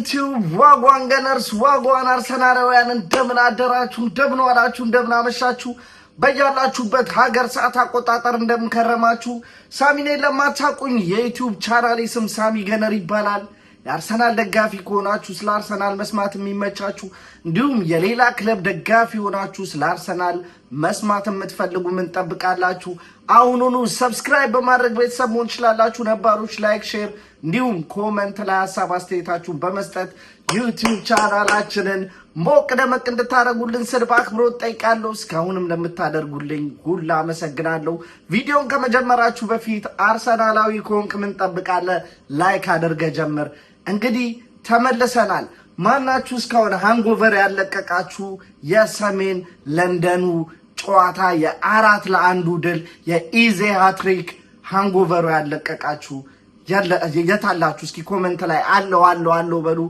ዩቲዩብ ዋጓን ገነርስ ዋጓን አርሰናላውያን እንደምን አደራችሁ፣ እንደምን ዋላችሁ፣ እንደምን አመሻችሁ። በያላችሁበት ሀገር ሰዓት አቆጣጠር እንደምንከረማችሁ። ከረማችሁ። ሳሚኔ ለማታውቁኝ የዩቲዩብ ቻናሌ ስም ሳሚ ገነር ይባላል። የአርሰናል ደጋፊ ከሆናችሁ ስለ አርሰናል መስማት የሚመቻችሁ እንዲሁም የሌላ ክለብ ደጋፊ ሆናችሁ ስለ አርሰናል መስማት የምትፈልጉ ምን ጠብቃላችሁ? አሁኑኑ ሰብስክራይብ በማድረግ ቤተሰብ መሆን ትችላላችሁ። ነባሮች ላይክ፣ ሼር እንዲሁም ኮመንት ላይ ሀሳብ አስተያየታችሁን በመስጠት ዩቲዩብ ቻናላችንን ሞቅ ደመቅ እንድታደርጉልን ስል በአክብሮት ጠይቃለሁ። እስካሁንም ለምታደርጉልኝ ሁላ አመሰግናለሁ። ቪዲዮን ከመጀመራችሁ በፊት አርሰናላዊ ከሆንክ ምን ጠብቃለህ? ላይክ አድርገህ ጀምር። እንግዲህ ተመልሰናል። ማናችሁ እስካሁን ሃንጎቨር ያለቀቃችሁ የሰሜን ለንደኑ ጨዋታ የአራት ለአንዱ ድል የኢዜ ሃትሪክ ሃንጎቨሩ ያለቀቃችሁ የታላችሁ? እስኪ ኮመንት ላይ አለው አለው አለው በሉ።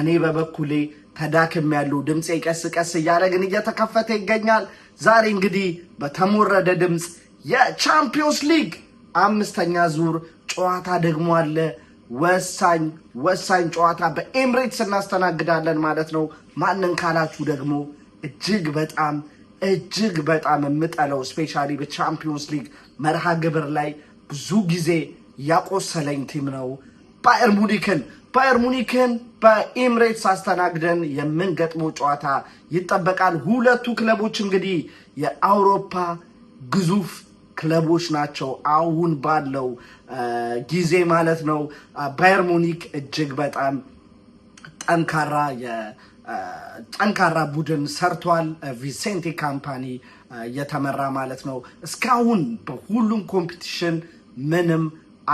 እኔ በበኩሌ ተዳክም ያለው ድምፄ ቀስ ቀስ እያለ ግን እየተከፈተ ይገኛል። ዛሬ እንግዲህ በተሞረደ ድምፅ የቻምፒዮንስ ሊግ አምስተኛ ዙር ጨዋታ ደግሞ አለ። ወሳኝ ወሳኝ ጨዋታ በኤምሬትስ እናስተናግዳለን ማለት ነው። ማንን ካላችሁ ደግሞ እጅግ በጣም እጅግ በጣም የምጠለው ስፔሻሊ በቻምፒዮንስ ሊግ መርሃ ግብር ላይ ብዙ ጊዜ ያቆሰለኝ ቲም ነው ባየር ሙኒክን ባየር ሙኒክን በኤምሬትስ አስተናግደን የምንገጥመው ጨዋታ ይጠበቃል። ሁለቱ ክለቦች እንግዲህ የአውሮፓ ግዙፍ ክለቦች ናቸው። አሁን ባለው ጊዜ ማለት ነው። ባየር ሙኒክ እጅግ በጣም ጠንካራ ጠንካራ ቡድን ሰርቷል። ቪሴንቴ ካምፓኒ የተመራ ማለት ነው። እስካሁን በሁሉም ኮምፒቲሽን ምንም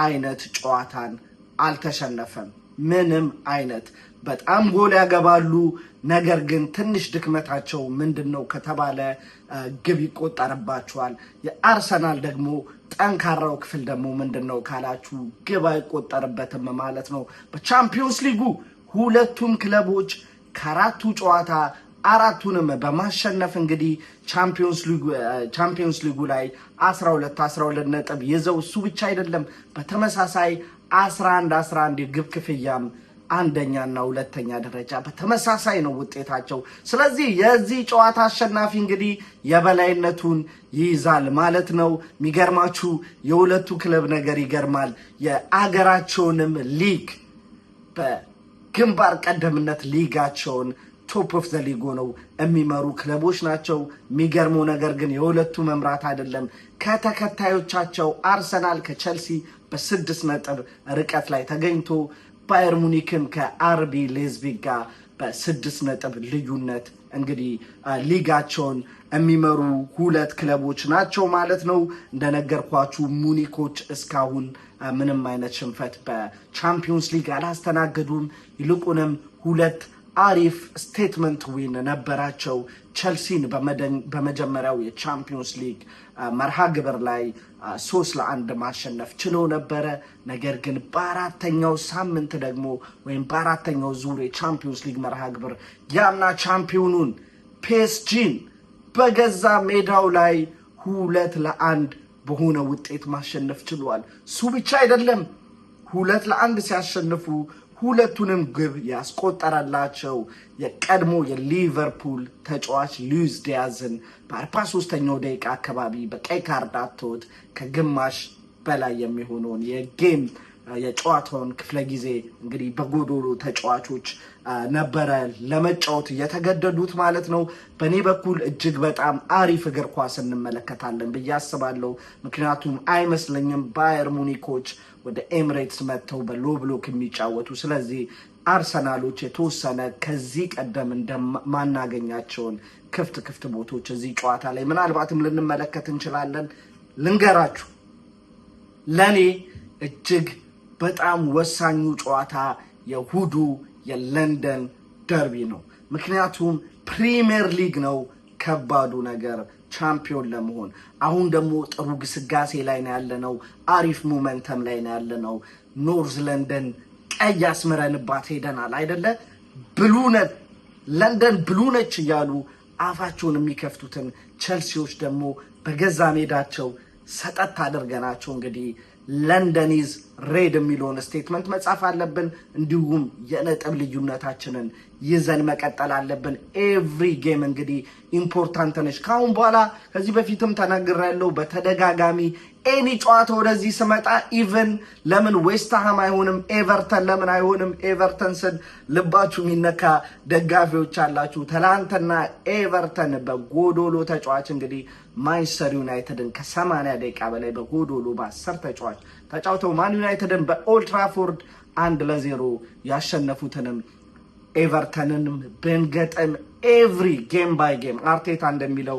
አይነት ጨዋታን አልተሸነፈም። ምንም አይነት በጣም ጎል ያገባሉ ነገር ግን ትንሽ ድክመታቸው ምንድን ነው ከተባለ ግብ ይቆጠርባቸዋል። የአርሰናል ደግሞ ጠንካራው ክፍል ደግሞ ምንድን ነው ካላችሁ ግብ አይቆጠርበትም ማለት ነው። በቻምፒዮንስ ሊጉ ሁለቱም ክለቦች ከአራቱ ጨዋታ አራቱንም በማሸነፍ እንግዲህ ቻምፒዮንስ ሊጉ ላይ 12 12 ነጥብ ይዘው እሱ ብቻ አይደለም በተመሳሳይ 11 11 የግብ ክፍያም አንደኛና ሁለተኛ ደረጃ በተመሳሳይ ነው ውጤታቸው። ስለዚህ የዚህ ጨዋታ አሸናፊ እንግዲህ የበላይነቱን ይይዛል ማለት ነው። የሚገርማችሁ የሁለቱ ክለብ ነገር ይገርማል። የአገራቸውንም ሊግ በግንባር ቀደምነት ሊጋቸውን ቶፕ ኦፍ ዘ ሊግ የሚመሩ ክለቦች ናቸው። የሚገርመው ነገር ግን የሁለቱ መምራት አይደለም ከተከታዮቻቸው አርሰናል ከቸልሲ በስድስት ነጥብ ርቀት ላይ ተገኝቶ ባየር ሙኒክም ከአርቢ ሌዝቢግ ጋር በስድስት ነጥብ ልዩነት እንግዲህ ሊጋቸውን የሚመሩ ሁለት ክለቦች ናቸው ማለት ነው። እንደነገርኳችሁ ሙኒኮች እስካሁን ምንም አይነት ሽንፈት በቻምፒዮንስ ሊግ አላስተናገዱም። ይልቁንም ሁለት አሪፍ ስቴትመንት ዊን ነበራቸው። ቸልሲን በመጀመሪያው የቻምፒዮንስ ሊግ መርሃ ግብር ላይ ሶስት ለአንድ ማሸነፍ ችሎ ነበረ። ነገር ግን በአራተኛው ሳምንት ደግሞ ወይም በአራተኛው ዙር የቻምፒዮንስ ሊግ መርሃ ግብር ያምና ቻምፒዮኑን ፔስጂን በገዛ ሜዳው ላይ ሁለት ለአንድ በሆነ ውጤት ማሸነፍ ችሏል። እሱ ብቻ አይደለም፣ ሁለት ለአንድ ሲያሸንፉ ሁለቱንም ግብ ያስቆጠረላቸው የቀድሞ የሊቨርፑል ተጫዋች ሉዊስ ዲያዝን በአርባ ሶስተኛው ደቂቃ አካባቢ በቀይ ካርድ አቶት ከግማሽ በላይ የሚሆነውን የጌም የጨዋታውን ክፍለ ጊዜ እንግዲህ በጎዶሎ ተጫዋቾች ነበረ ለመጫወት የተገደዱት ማለት ነው። በእኔ በኩል እጅግ በጣም አሪፍ እግር ኳስ እንመለከታለን ብዬ አስባለሁ። ምክንያቱም አይመስለኝም ባየር ሙኒኮች ወደ ኤምሬትስ መጥተው በሎ ብሎክ የሚጫወቱ ስለዚህ አርሰናሎች የተወሰነ ከዚህ ቀደም እንደማናገኛቸውን ክፍት ክፍት ቦቶች እዚህ ጨዋታ ላይ ምናልባትም ልንመለከት እንችላለን። ልንገራችሁ ለእኔ እጅግ በጣም ወሳኙ ጨዋታ የሁዱ የለንደን ደርቢ ነው። ምክንያቱም ፕሪሚየር ሊግ ነው ከባዱ ነገር ቻምፒዮን ለመሆን አሁን ደግሞ ጥሩ ግስጋሴ ላይ ነው ያለነው። አሪፍ ሞመንተም ላይ ነው ያለነው። ኖርዝ ለንደን ቀይ አስምረንባት ሄደናል አይደለ? ብሉነት ለንደን ብሉነች እያሉ አፋቸውን የሚከፍቱትን ቸልሲዎች ደግሞ በገዛ ሜዳቸው ሰጠት አድርገናቸው እንግዲህ ለንደን ኢዝ ሬድ የሚለውን ስቴትመንት መጻፍ አለብን። እንዲሁም የነጥብ ልዩነታችንን ይዘን መቀጠል አለብን። ኤቭሪ ጌም እንግዲህ ኢምፖርታንት ነች። ከአሁን በኋላ ከዚህ በፊትም ተናግሬያለሁ በተደጋጋሚ ኤኒ ጨዋታ ወደዚህ ስመጣ ኢቨን ለምን ዌስትሃም አይሆንም ኤቨርተን ለምን አይሆንም ኤቨርተን ስል ልባችሁ የሚነካ ደጋፊዎች አላችሁ። ትላንትና ኤቨርተን በጎዶሎ ተጫዋች እንግዲህ ማንቸስተር ዩናይትድን ከ80 ደቂቃ በላይ በጎዶሎ በአስር ተጫዋች ተጫውተው ማን ዩናይትድን በኦልትራፎርድ አንድ ለዜሮ ያሸነፉትንም ኤቨርተንንም ብንገጥም ኤቭሪ ጌም ባይ ጌም አርቴታ እንደሚለው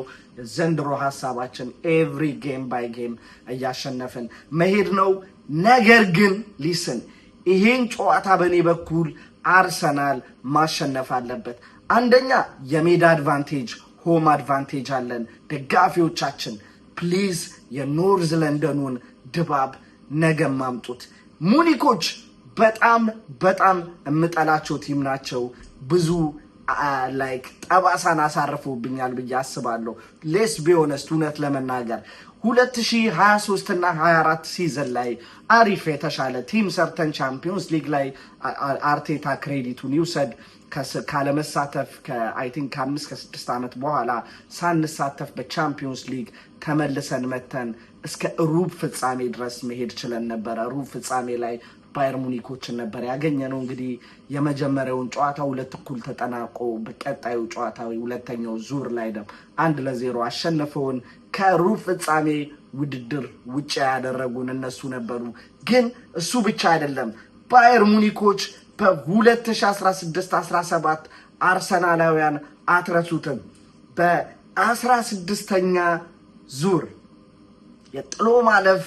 ዘንድሮ ሀሳባችን ኤቭሪ ጌም ባይ ጌም እያሸነፍን መሄድ ነው። ነገር ግን ሊስን ይሄን ጨዋታ በእኔ በኩል አርሰናል ማሸነፍ አለበት። አንደኛ የሜዳ አድቫንቴጅ ሆም አድቫንቴጅ አለን። ደጋፊዎቻችን ፕሊዝ የኖርዝ ለንደኑን ድባብ ነገ ማምጡት። ሙኒኮች በጣም በጣም የምጠላቸው ቲም ናቸው። ብዙ ላይክ ጠባሳን አሳርፈውብኛል ብዬ አስባለሁ። ሌስ ቢሆነስት እውነት ለመናገር 2023 እና 24 ሲዘን ላይ አሪፍ የተሻለ ቲም ሰርተን ቻምፒዮንስ ሊግ ላይ አርቴታ ክሬዲቱን ይውሰድ። ካለመሳተፍ አይ ቲንክ ከአምስት ከስድስት ዓመት በኋላ ሳንሳተፍ በቻምፒዮንስ ሊግ ተመልሰን መተን እስከ ሩብ ፍጻሜ ድረስ መሄድ ችለን ነበረ። ሩብ ፍጻሜ ላይ ባየር ሙኒኮችን ነበር ያገኘ ነው። እንግዲህ የመጀመሪያውን ጨዋታ ሁለት እኩል ተጠናቆ በቀጣዩ ጨዋታ ሁለተኛው ዙር ላይ ደም አንድ ለዜሮ አሸነፈውን ከሩብ ፍጻሜ ውድድር ውጭ ያደረጉን እነሱ ነበሩ። ግን እሱ ብቻ አይደለም ባየር ሙኒኮች በ2016-17 አርሰናላውያን አትረሱትም። በ16ኛ ዙር የጥሎ ማለፍ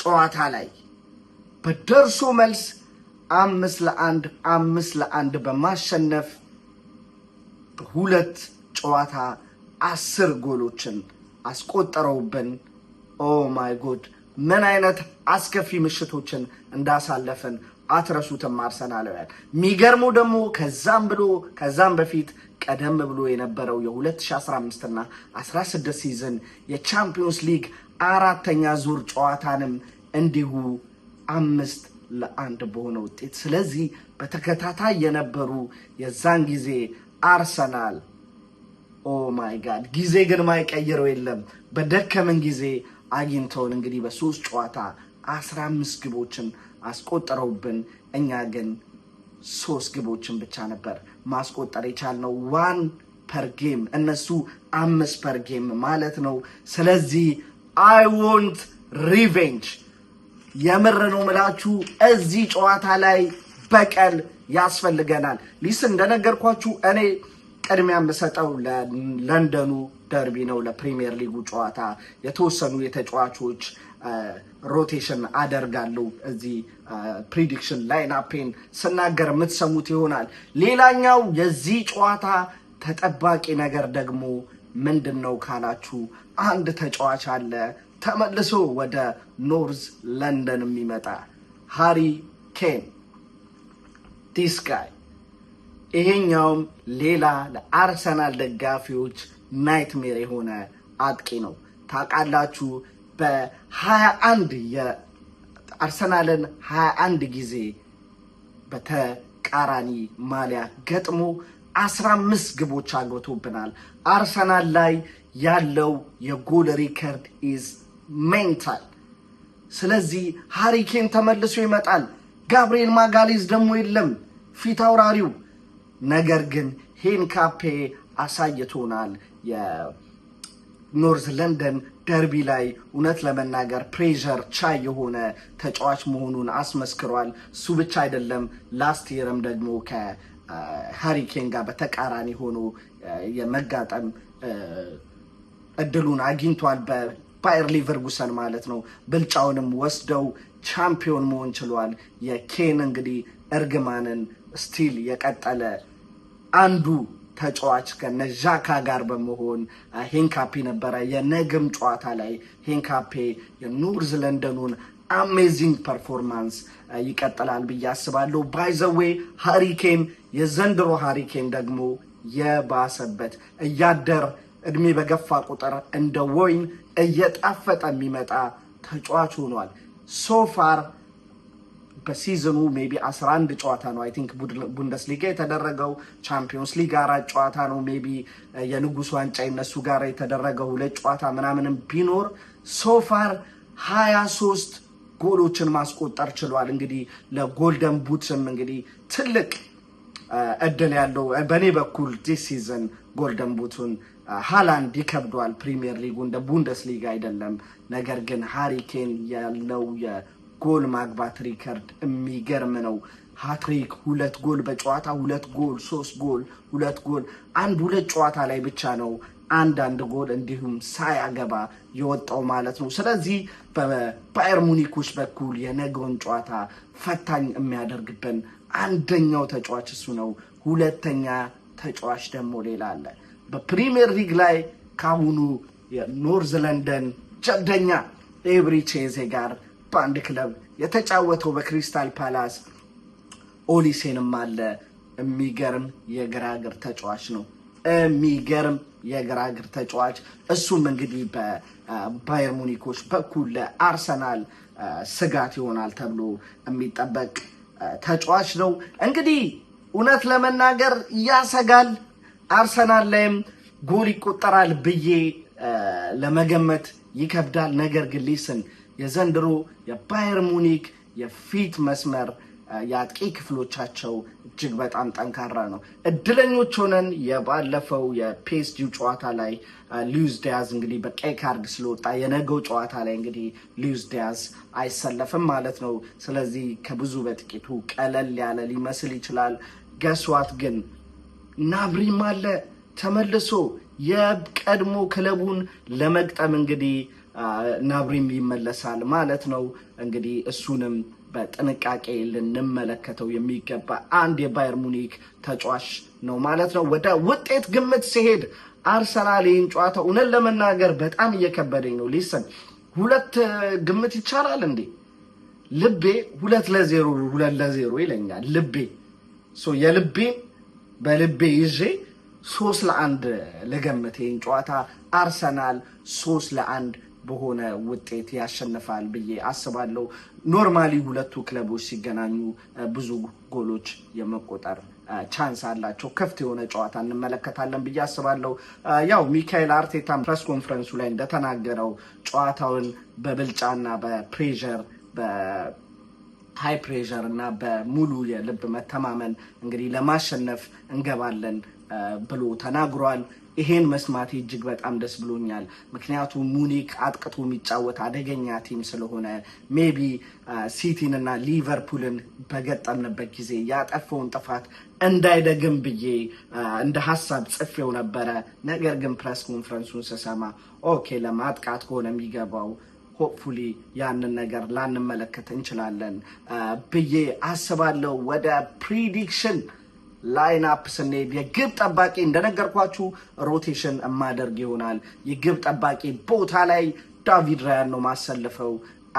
ጨዋታ ላይ በደርሶ መልስ አምስት ለአንድ አምስት ለአንድ በማሸነፍ በሁለት ጨዋታ አስር ጎሎችን አስቆጠረውብን። ኦ ማይ ጎድ ምን አይነት አስከፊ ምሽቶችን እንዳሳለፍን አትረሱትም አርሰናላውያን። የሚገርመው ደግሞ ከዛም ብሎ ከዛም በፊት ቀደም ብሎ የነበረው የ2015 እና 16 ሲዝን የቻምፒዮንስ ሊግ አራተኛ ዙር ጨዋታንም እንዲሁ አምስት ለአንድ በሆነ ውጤት። ስለዚህ በተከታታይ የነበሩ የዛን ጊዜ አርሰናል ኦ ማይ ጋድ ጊዜ ግን ማይቀይረው የለም። በደከምን ጊዜ አግኝተውን እንግዲህ በሶስት ጨዋታ አምስት ግቦችን አስቆጠረውብን። እኛ ግን ሶስት ግቦችን ብቻ ነበር ማስቆጠር የቻልነው ዋን ፐር ጌም፣ እነሱ አምስት ፐር ጌም ማለት ነው። ስለዚህ አይ ወንት ሪቬንጅ የምር ነው ምላችሁ እዚህ ጨዋታ ላይ በቀል ያስፈልገናል። ሊስ እንደነገርኳችሁ እኔ ቅድሚያ የምሰጠው ለለንደኑ ደርቢ ነው። ለፕሪሚየር ሊጉ ጨዋታ የተወሰኑ የተጫዋቾች ሮቴሽን አደርጋለሁ እዚህ ፕሪዲክሽን ላይናፔን ስናገር የምትሰሙት ይሆናል። ሌላኛው የዚህ ጨዋታ ተጠባቂ ነገር ደግሞ ምንድን ነው ካላችሁ አንድ ተጫዋች አለ ተመልሶ ወደ ኖርዝ ለንደን የሚመጣ ሃሪ ኬን ዲስካይ ይሄኛውም ሌላ ለአርሰናል ደጋፊዎች ናይትሜር የሆነ አጥቂ ነው። ታውቃላችሁ በ21 የአርሰናልን 21 ጊዜ በተቃራኒ ማሊያ ገጥሞ 15 ግቦች አግብቶብናል። አርሰናል ላይ ያለው የጎል ሪከርድ ኢዝ ሜንታል። ስለዚህ ሃሪኬን ተመልሶ ይመጣል። ጋብርኤል ማጋሌዝ ደግሞ የለም ፊት አውራሪው። ነገር ግን ሄንካፔ አሳይቶናል። የኖርዝ ለንደን ደርቢ ላይ እውነት ለመናገር ፕሬዠር ቻይ የሆነ ተጫዋች መሆኑን አስመስክሯል። እሱ ብቻ አይደለም፣ ላስት የርም ደግሞ ከሃሪኬን ጋር በተቃራኒ ሆኖ የመጋጠም እድሉን አግኝቷል። በባየር ሊቨርጉሰን ማለት ነው። ብልጫውንም ወስደው ቻምፒዮን መሆን ችሏል። የኬን እንግዲህ እርግማንን ስቲል የቀጠለ አንዱ ተጫዋች ከነዣካ ጋር በመሆን ሄንካፔ ነበረ። የነግም ጨዋታ ላይ ሄንካፔ የኖርዝ ለንደኑን አሜዚንግ ፐርፎርማንስ ይቀጥላል ብዬ አስባለሁ። ባይዘዌ ሃሪኬን የዘንድሮ ሃሪኬን ደግሞ የባሰበት እያደር እድሜ በገፋ ቁጥር እንደ ወይን እየጣፈጠ የሚመጣ ተጫዋች ሆኗል ሶፋር በሲዝኑ ሜይ ቢ 11 ጨዋታ ነው አይ ቲንክ ቡንደስሊጋ የተደረገው፣ ቻምፒዮንስ ሊግ አራት ጨዋታ ነው ሜይ ቢ የንጉሥ ዋንጫ ይነሱ ጋር የተደረገው ሁለት ጨዋታ ምናምንም ቢኖር ሶፋር 23 ጎሎችን ማስቆጠር ችሏል። እንግዲህ ለጎልደን ቡትም እንግዲህ ትልቅ እድል ያለው በእኔ በኩል ዲስ ሲዝን ጎልደን ቡቱን ሃላንድ ይከብደዋል። ፕሪሚየር ሊጉ እንደ ቡንደስሊጋ አይደለም። ነገር ግን ሃሪኬን ያለው ጎል ማግባት ሪከርድ የሚገርም ነው። ሃትሪክ ሁለት ጎል በጨዋታ ሁለት ጎል ሶስት ጎል ሁለት ጎል አንድ ሁለት ጨዋታ ላይ ብቻ ነው አንድ አንዳንድ ጎል እንዲሁም ሳያገባ የወጣው ማለት ነው። ስለዚህ በባየር ሙኒኮች በኩል የነገውን ጨዋታ ፈታኝ የሚያደርግብን አንደኛው ተጫዋች እሱ ነው። ሁለተኛ ተጫዋች ደግሞ ሌላ አለ። በፕሪሚየር ሊግ ላይ ካሁኑ የኖርዝ ለንደን ጀብደኛ ኤብሪ ቼዜ ጋር በአንድ ክለብ የተጫወተው በክሪስታል ፓላስ ኦሊሴንም አለ። የሚገርም የግራግር ተጫዋች ነው። የሚገርም የግራግር ተጫዋች እሱም እንግዲህ በባየር ሙኒኮች በኩል ለአርሰናል ስጋት ይሆናል ተብሎ የሚጠበቅ ተጫዋች ነው። እንግዲህ እውነት ለመናገር ያሰጋል። አርሰናል ላይም ጎል ይቆጠራል ብዬ ለመገመት ይከብዳል። ነገር ግን ሊስን የዘንድሮ የባየር ሙኒክ የፊት መስመር የአጥቂ ክፍሎቻቸው እጅግ በጣም ጠንካራ ነው። እድለኞች ሆነን የባለፈው የፒኤስጂው ጨዋታ ላይ ሉዊስ ዲያዝ እንግዲህ በቀይ ካርድ ስለወጣ የነገው ጨዋታ ላይ እንግዲህ ሉዊስ ዲያዝ አይሰለፍም ማለት ነው። ስለዚህ ከብዙ በጥቂቱ ቀለል ያለ ሊመስል ይችላል። ገስዋት ግን ናብሪም አለ ተመልሶ የቀድሞ ክለቡን ለመግጠም እንግዲህ ናብሪም ይመለሳል ማለት ነው። እንግዲህ እሱንም በጥንቃቄ ልንመለከተው የሚገባ አንድ የባየር ሙኒክ ተጫዋች ነው ማለት ነው። ወደ ውጤት ግምት ሲሄድ አርሰናል ይህን ጨዋታ እውነት ለመናገር በጣም እየከበደኝ ነው። ሊሰን ሁለት ግምት ይቻላል እንዴ? ልቤ ሁለት ለዜሮ ሁለት ለዜሮ ይለኛል ልቤ የልቤ በልቤ ይዤ ሶስት ለአንድ ልገምት ይህን ጨዋታ አርሰናል ሶስት ለአንድ በሆነ ውጤት ያሸንፋል ብዬ አስባለሁ። ኖርማሊ ሁለቱ ክለቦች ሲገናኙ ብዙ ጎሎች የመቆጠር ቻንስ አላቸው። ክፍት የሆነ ጨዋታ እንመለከታለን ብዬ አስባለሁ። ያው ሚካኤል አርቴታም ፕሬስ ኮንፈረንሱ ላይ እንደተናገረው ጨዋታውን በብልጫና በፕሬር በሃይ ፕሬር እና በሙሉ የልብ መተማመን እንግዲህ ለማሸነፍ እንገባለን ብሎ ተናግሯል። ይሄን መስማቴ እጅግ በጣም ደስ ብሎኛል። ምክንያቱም ሙኒክ አጥቅቶ የሚጫወት አደገኛ ቲም ስለሆነ ሜቢ ሲቲን እና ሊቨርፑልን በገጠምንበት ጊዜ ያጠፈውን ጥፋት እንዳይደግም ብዬ እንደ ሀሳብ ጽፌው ነበረ። ነገር ግን ፕሬስ ኮንፈረንሱን ስሰማ ኦኬ ለማጥቃት ከሆነ የሚገባው ሆፕፉሊ ያንን ነገር ላንመለከት እንችላለን ብዬ አስባለሁ። ወደ ፕሪዲክሽን ላይን አፕ ስንሄድ የግብ ጠባቂ እንደነገርኳችሁ ሮቴሽን የማደርግ ይሆናል። የግብ ጠባቂ ቦታ ላይ ዳቪድ ራያን ነው ማሰልፈው።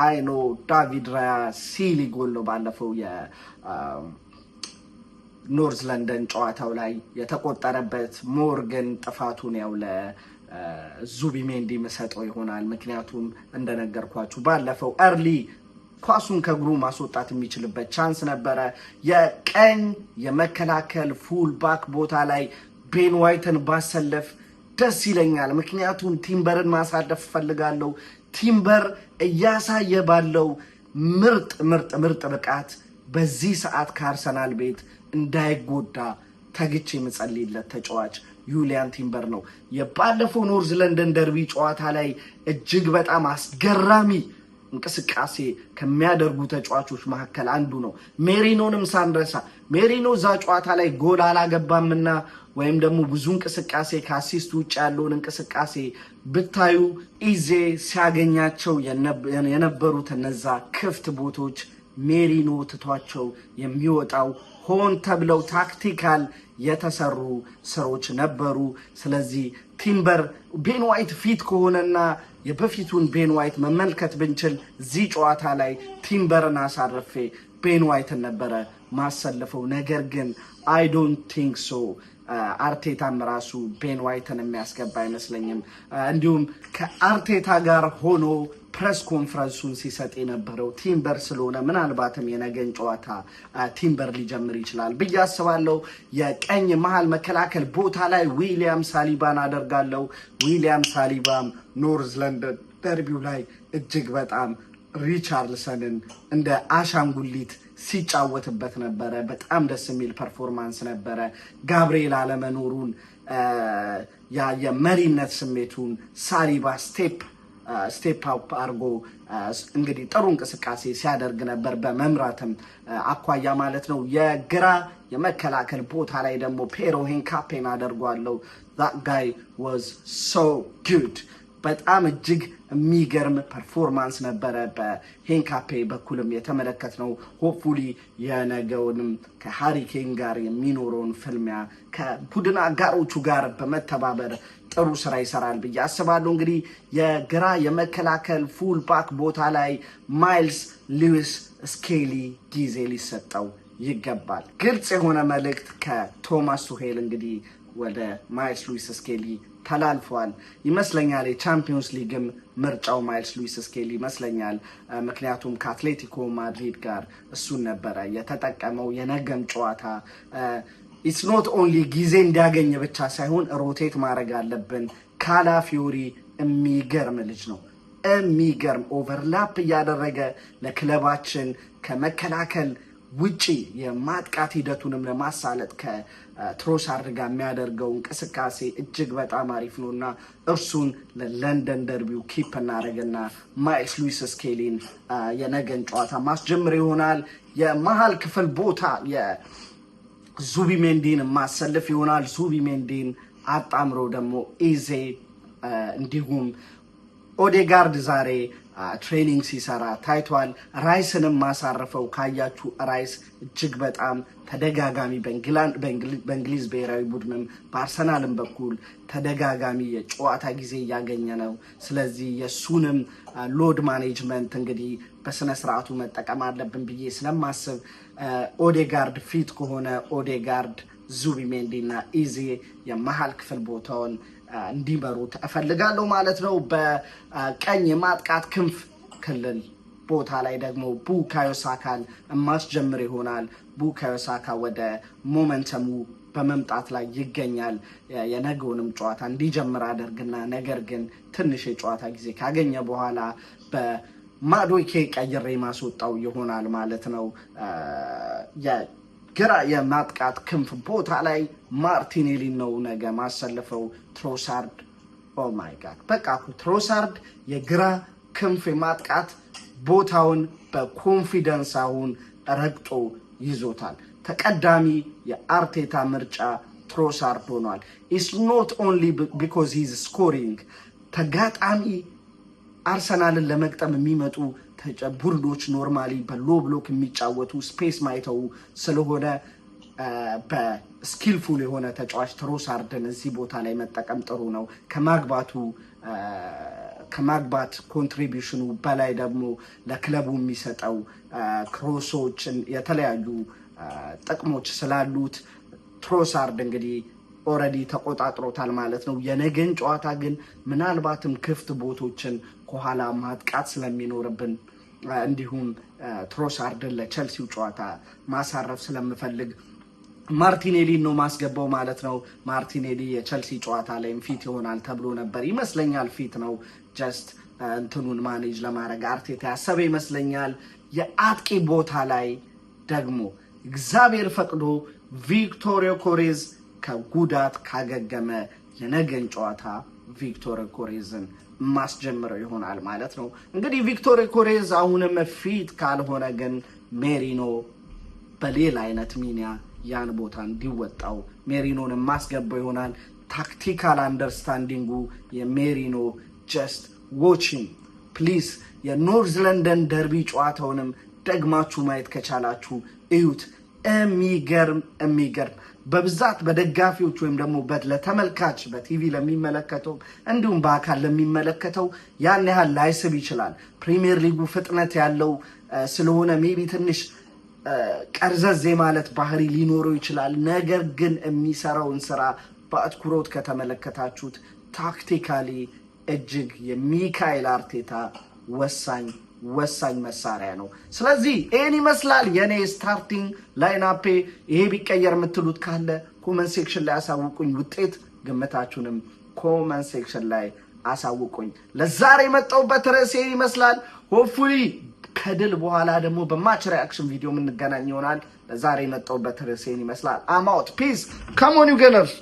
አይኖ ዳቪድ ራያ ሲሊ ጎል ነው ባለፈው የኖርዝ ለንደን ጨዋታው ላይ የተቆጠረበት። ሞርገን ጥፋቱን ያው ለዙቢሜንዲ የምሰጠው ይሆናል። ምክንያቱም እንደነገርኳችሁ ባለፈው ርሊ ኳሱን ከእግሩ ማስወጣት የሚችልበት ቻንስ ነበረ። የቀኝ የመከላከል ፉል ባክ ቦታ ላይ ቤን ዋይትን ባሰለፍ ደስ ይለኛል። ምክንያቱም ቲምበርን ማሳደፍ እፈልጋለሁ። ቲምበር እያሳየ ባለው ምርጥ ምርጥ ምርጥ ብቃት በዚህ ሰዓት ከአርሰናል ቤት እንዳይጎዳ ተግቼ የምጸልይለት ተጫዋች ዩሊያን ቲምበር ነው። የባለፈው ኖርዝ ለንደን ደርቢ ጨዋታ ላይ እጅግ በጣም አስገራሚ እንቅስቃሴ ከሚያደርጉ ተጫዋቾች መካከል አንዱ ነው። ሜሪኖንም ሳንረሳ ሜሪኖ እዛ ጨዋታ ላይ ጎል አላገባምና ወይም ደግሞ ብዙ እንቅስቃሴ ከአሲስት ውጭ ያለውን እንቅስቃሴ ብታዩ ኢዜ ሲያገኛቸው የነበሩት እነዛ ክፍት ቦቶች ሜሪኖ ትቷቸው የሚወጣው ሆን ተብለው ታክቲካል የተሰሩ ስሮች ነበሩ። ስለዚህ ቲምበር ቤን ዋይት ፊት ከሆነና የበፊቱን ቤን ዋይት መመልከት ብንችል እዚህ ጨዋታ ላይ ቲምበርን አሳርፌ ቤን ዋይትን ነበረ ማሰልፈው። ነገር ግን አይ ዶንት ቲንክ ሶ አርቴታም ራሱ ቤን ዋይትን የሚያስገባ አይመስለኝም። እንዲሁም ከአርቴታ ጋር ሆኖ ፕሬስ ኮንፈረንሱን ሲሰጥ የነበረው ቲምበር ስለሆነ ምናልባትም የነገን ጨዋታ ቲምበር ሊጀምር ይችላል ብዬ አስባለሁ። የቀኝ መሀል መከላከል ቦታ ላይ ዊሊያም ሳሊባን አደርጋለሁ። ዊሊያም ሳሊባም ኖርዝ ለንደን ደርቢው ላይ እጅግ በጣም ሪቻርልሰንን እንደ አሻንጉሊት ሲጫወትበት ነበረ። በጣም ደስ የሚል ፐርፎርማንስ ነበረ። ጋብርኤል አለመኖሩን የመሪነት ስሜቱን ሳሊባ ስቴፕ ስቴፕ አፕ አድርጎ እንግዲህ ጥሩ እንቅስቃሴ ሲያደርግ ነበር፣ በመምራትም አኳያ ማለት ነው። የግራ የመከላከል ቦታ ላይ ደግሞ ፔሮ ሄንካፔን አደርጓለው። ዛት ጋይ ወዝ ሶ ጉድ በጣም እጅግ የሚገርም ፐርፎርማንስ ነበረ በሄንካፔ በኩልም የተመለከትነው። ሆፕፉሊ የነገውንም ከሃሪኬን ጋር የሚኖረውን ፍልሚያ ከቡድን አጋሮቹ ጋር በመተባበር ጥሩ ስራ ይሰራል ብዬ አስባለሁ። እንግዲህ የግራ የመከላከል ፉል ባክ ቦታ ላይ ማይልስ ሉዊስ ስኬሊ ጊዜ ሊሰጠው ይገባል። ግልጽ የሆነ መልእክት ከቶማስ ቱሄል እንግዲህ ወደ ማይልስ ሉዊስ ስኬሊ ተላልፏል ይመስለኛል። የቻምፒዮንስ ሊግም ምርጫው ማይልስ ሉዊስ ስኬሊ ይመስለኛል። ምክንያቱም ከአትሌቲኮ ማድሪድ ጋር እሱን ነበረ የተጠቀመው የነገም ጨዋታ ኢትስ ኖት ኦንሊ ጊዜ እንዲያገኝ ብቻ ሳይሆን ሮቴት ማድረግ አለብን። ካላ ፊዮሪ የሚገርም ልጅ ነው። የሚገርም ኦቨርላፕ እያደረገ ለክለባችን ከመከላከል ውጪ የማጥቃት ሂደቱንም ለማሳለጥ ከትሮሳርድ ጋር የሚያደርገው እንቅስቃሴ እጅግ በጣም አሪፍ ነው እና እርሱን ለለንደን ደርቢው ኪፕ እናደርግና ማይልስ ሉዊስ ስኬሊን የነገን ጨዋታ ማስጀምር ይሆናል። የመሀል ክፍል ቦታ ዙቢሜንዲን ማሰልፍ ይሆናል። ዙቢሜንዲን አጣምሮ ደግሞ ኢዜ እንዲሁም ኦዴጋርድ ዛሬ ትሬኒንግ ሲሰራ ታይቷል። ራይስንም ማሳረፈው ካያችሁ ራይስ እጅግ በጣም ተደጋጋሚ በእንግሊዝ ብሔራዊ ቡድንም በአርሰናልም በኩል ተደጋጋሚ የጨዋታ ጊዜ እያገኘ ነው። ስለዚህ የእሱንም ሎድ ማኔጅመንት እንግዲህ በስነ ስርዓቱ መጠቀም አለብን ብዬ ስለማስብ ኦዴጋርድ ፊት ከሆነ ኦዴጋርድ፣ ዙቢሜንዲ እና ኢዜ የመሀል ክፍል ቦታውን እንዲመሩት እፈልጋለሁ ማለት ነው። በቀኝ የማጥቃት ክንፍ ክልል ቦታ ላይ ደግሞ ቡካዮ ሳካን የማስጀምር ይሆናል። ቡካዮ ሳካ ወደ ሞመንተሙ በመምጣት ላይ ይገኛል። የነገውንም ጨዋታ እንዲጀምር አደርግና ነገር ግን ትንሽ የጨዋታ ጊዜ ካገኘ በኋላ በማዶኬ ቀይሬ ማስወጣው ይሆናል ማለት ነው። ግራ የማጥቃት ክንፍ ቦታ ላይ ማርቲኔሊ ነው ነገ ማሰለፈው። ትሮሳርድ ኦማይ oh ጋድ በቃ ትሮሳርድ የግራ ክንፍ የማጥቃት ቦታውን በኮንፊደንስ አሁን ረግጦ ይዞታል። ተቀዳሚ የአርቴታ ምርጫ ትሮሳርድ ሆኗል። ኢስ ኖት ኦንሊ ቢኮዝ ሂዝ ስኮሪንግ ተጋጣሚ አርሰናልን ለመግጠም የሚመጡ ቡድኖች ኖርማሊ በሎ ብሎክ የሚጫወቱ ስፔስ ማይተው ስለሆነ በስኪልፉል የሆነ ተጫዋች ትሮሳርድን እዚህ ቦታ ላይ መጠቀም ጥሩ ነው። ከማግባቱ ከማግባት ኮንትሪቢሽኑ በላይ ደግሞ ለክለቡ የሚሰጠው ክሮሶችን የተለያዩ ጥቅሞች ስላሉት ትሮሳርድ እንግዲህ ኦልሬዲ ተቆጣጥሮታል ማለት ነው። የነገን ጨዋታ ግን ምናልባትም ክፍት ቦቶችን ከኋላ ማጥቃት ስለሚኖርብን እንዲሁም ትሮሳርድን ለቸልሲው ጨዋታ ማሳረፍ ስለምፈልግ ማርቲኔሊን ነው ማስገባው ማለት ነው። ማርቲኔሊ የቸልሲ ጨዋታ ላይም ፊት ይሆናል ተብሎ ነበር ይመስለኛል። ፊት ነው ጀስት እንትኑን ማኔጅ ለማድረግ አርቴታ ያሰበ ይመስለኛል። የአጥቂ ቦታ ላይ ደግሞ እግዚአብሔር ፈቅዶ ቪክቶሪዮ ኮሬዝ ከጉዳት ካገገመ የነገን ጨዋታ ቪክቶሪዮ ኮሬዝን ማስጀምረው ይሆናል ማለት ነው። እንግዲህ ቪክቶር ኮሬዝ አሁንም ፊት ካልሆነ ግን ሜሪኖ በሌላ አይነት ሚኒያ ያን ቦታ እንዲወጣው ሜሪኖን ማስገባው ይሆናል። ታክቲካል አንደርስታንዲንጉ የሜሪኖ ጀስት ዎችን ፕሊዝ የኖርዝ ለንደን ደርቢ ጨዋታውንም ደግማችሁ ማየት ከቻላችሁ እዩት። የሚገርም የሚገርም በብዛት በደጋፊዎች ወይም ደግሞ ለተመልካች በቲቪ ለሚመለከተው እንዲሁም በአካል ለሚመለከተው ያን ያህል ላይስብ ይችላል። ፕሪሚየር ሊጉ ፍጥነት ያለው ስለሆነ ሜቢ ትንሽ ቀርዘዜ ማለት ባህሪ ሊኖረው ይችላል። ነገር ግን የሚሰራውን ስራ በአትኩሮት ከተመለከታችሁት ታክቲካሊ እጅግ የሚካኤል አርቴታ ወሳኝ ወሳኝ መሳሪያ ነው። ስለዚህ ይህን ይመስላል የእኔ ስታርቲንግ ላይናፔ። ይሄ ቢቀየር የምትሉት ካለ ኮመን ሴክሽን ላይ አሳውቁኝ። ውጤት ግምታችሁንም ኮመን ሴክሽን ላይ አሳውቁኝ። ለዛሬ የመጣሁበት ርዕስ ይህን ይመስላል። ሆፕፉሊ ከድል በኋላ ደግሞ በማች ሪያክሽን ቪዲዮ የምንገናኝ ይሆናል። ለዛሬ የመጣሁበት ርዕስ ይህን ይመስላል። አማውት ፒስ ከሞን ገነርስ